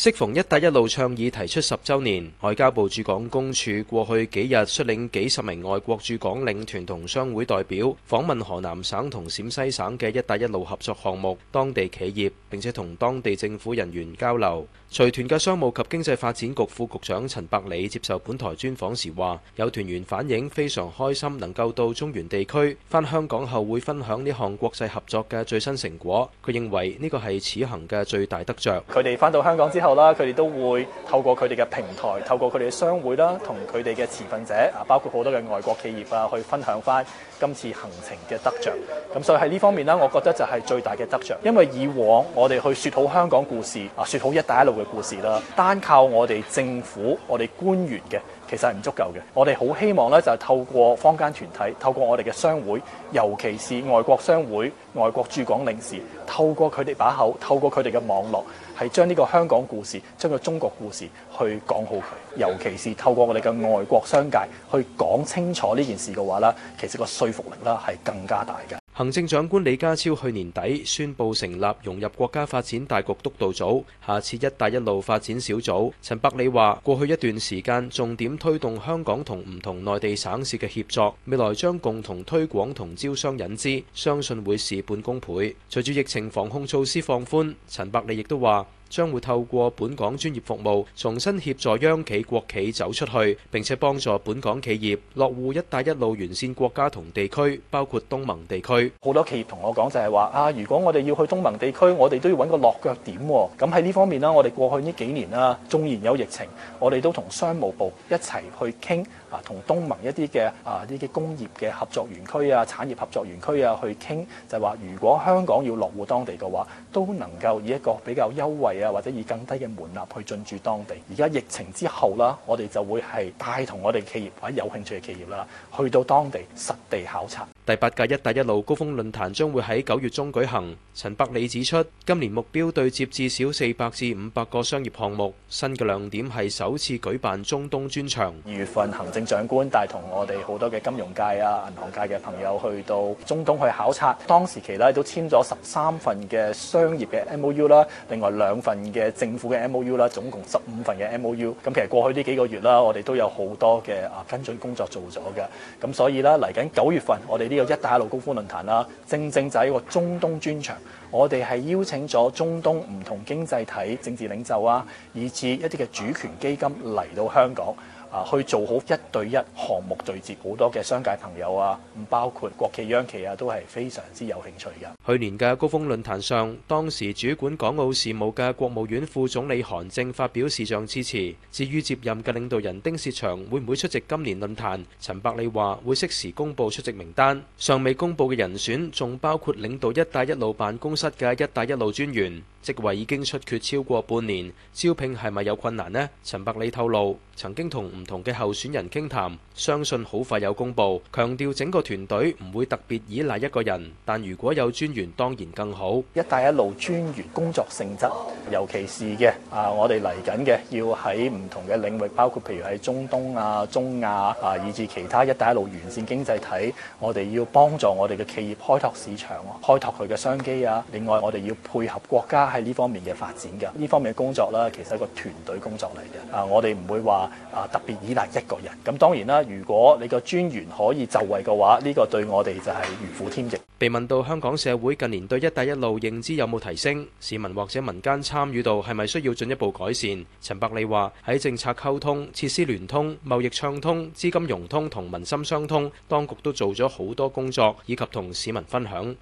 。適逢一帶一路倡議提出十周年，外交部駐港公署過去幾日率領幾十名外國駐港領團同商會代表訪問河南省同陝西省嘅一帶一路合作項目、當地企業，並且同當地政府人員交流。隨團嘅商務及經濟發展局副局長陳百里接受本台專訪時話，有團員反映非常開心能夠到中原地區，翻香港後會分享呢項國際合作嘅最新成果。佢認為呢個係此行嘅最大得着。佢哋翻到香港之後。佢哋都會透過佢哋嘅平台，透過佢哋嘅商會啦，同佢哋嘅持份者啊，包括好多嘅外國企業啊，去分享翻今次行程嘅得著。咁所以喺呢方面呢，我覺得就係最大嘅得著，因為以往我哋去説好香港故事啊，説好一帶一路嘅故事啦，單靠我哋政府、我哋官員嘅，其實係唔足夠嘅。我哋好希望呢，就係透過坊間團體，透過我哋嘅商會，尤其是外國商會、外國駐港領事，透過佢哋把口，透過佢哋嘅網絡。係將呢個香港故事，將個中國故事去講好佢，尤其是透過我哋嘅外國商界去講清楚呢件事嘅話啦，其實個說服力啦係更加大嘅。行政長官李家超去年底宣布成立融入國家發展大局督導組，下設“一帶一路”發展小組。陳百里話：過去一段時間重點推動香港同唔同內地省市嘅協作，未來將共同推廣同招商引資，相信會事半功倍。隨住疫情防控措施放寬，陳百里亦都話。將會透過本港專業服務，重新協助央企、國企走出去，並且幫助本港企業落戶一帶一路，完善國家同地區，包括東盟地區。好多企業同我講就係話啊，如果我哋要去東盟地區，我哋都要揾個落腳點喎、哦。咁喺呢方面啦，我哋過去呢幾年啦，縱然有疫情，我哋都同商務部一齊去傾啊，同東盟一啲嘅啊呢啲工業嘅合作園區啊、產業合作園區啊去傾，就係話如果香港要落戶當地嘅話，都能夠以一個比較優惠。啊，或者以更低嘅門檻去進駐當地。而家疫情之後啦，我哋就會係帶同我哋企業或者有興趣嘅企業啦，去到當地實地考察。第八屆一帶一路高峰論壇將會喺九月中舉行。陳百里指出，今年目標對接至少四百至五百個商業項目。新嘅亮點係首次舉辦中東專場。二月份行政長官帶同我哋好多嘅金融界啊、銀行界嘅朋友去到中東去考察。當時期呢，都簽咗十三份嘅商業嘅 MOU 啦，另外兩份份嘅政府嘅 MOU 啦，總共十五份嘅 MOU，咁其實過去呢幾個月啦，我哋都有好多嘅啊跟進工作做咗嘅，咁所以啦嚟緊九月份，我哋呢、這個一帶一路高峯論壇啦，正正就係一個中東專場，我哋係邀請咗中東唔同經濟體政治領袖啊，以至一啲嘅主權基金嚟到香港。啊！去做好一對一項目對接，好多嘅商界朋友啊，唔包括國企、央企啊，都係非常之有興趣嘅。去年嘅高峰論壇上，當時主管港澳事務嘅國務院副總理韓正發表視像致辭，至於接任嘅領導人丁薛祥會唔會出席今年論壇？陳百里話會適時公布出席名單。尚未公布嘅人選仲包括領導一帶一路辦公室嘅一帶一路專員。職位已經出缺超過半年，招聘係咪有困難呢？陳百里透露，曾經同唔同嘅候選人傾談，相信好快有公佈。強調整個團隊唔會特別倚賴一個人，但如果有專員當然更好。一帶一路專員工作性質，尤其是嘅啊，我哋嚟緊嘅要喺唔同嘅領域，包括譬如喺中東啊、中亞啊，以至其他一帶一路沿線經濟體，我哋要幫助我哋嘅企業開拓市場，開拓佢嘅商機啊。另外，我哋要配合國家。喺呢方面嘅發展嘅，呢方面嘅工作啦，其實係一個團隊工作嚟嘅。啊，我哋唔會話啊特別倚賴一個人。咁當然啦，如果你個專員可以就位嘅話，呢個對我哋就係如虎添翼。被問到香港社會近年對一帶一路認知有冇提升，市民或者民間參與度係咪需要進一步改善，陳百里話喺政策溝通、設施聯通、貿易暢通、資金融通同民心相通，當局都做咗好多工作，以及同市民分享。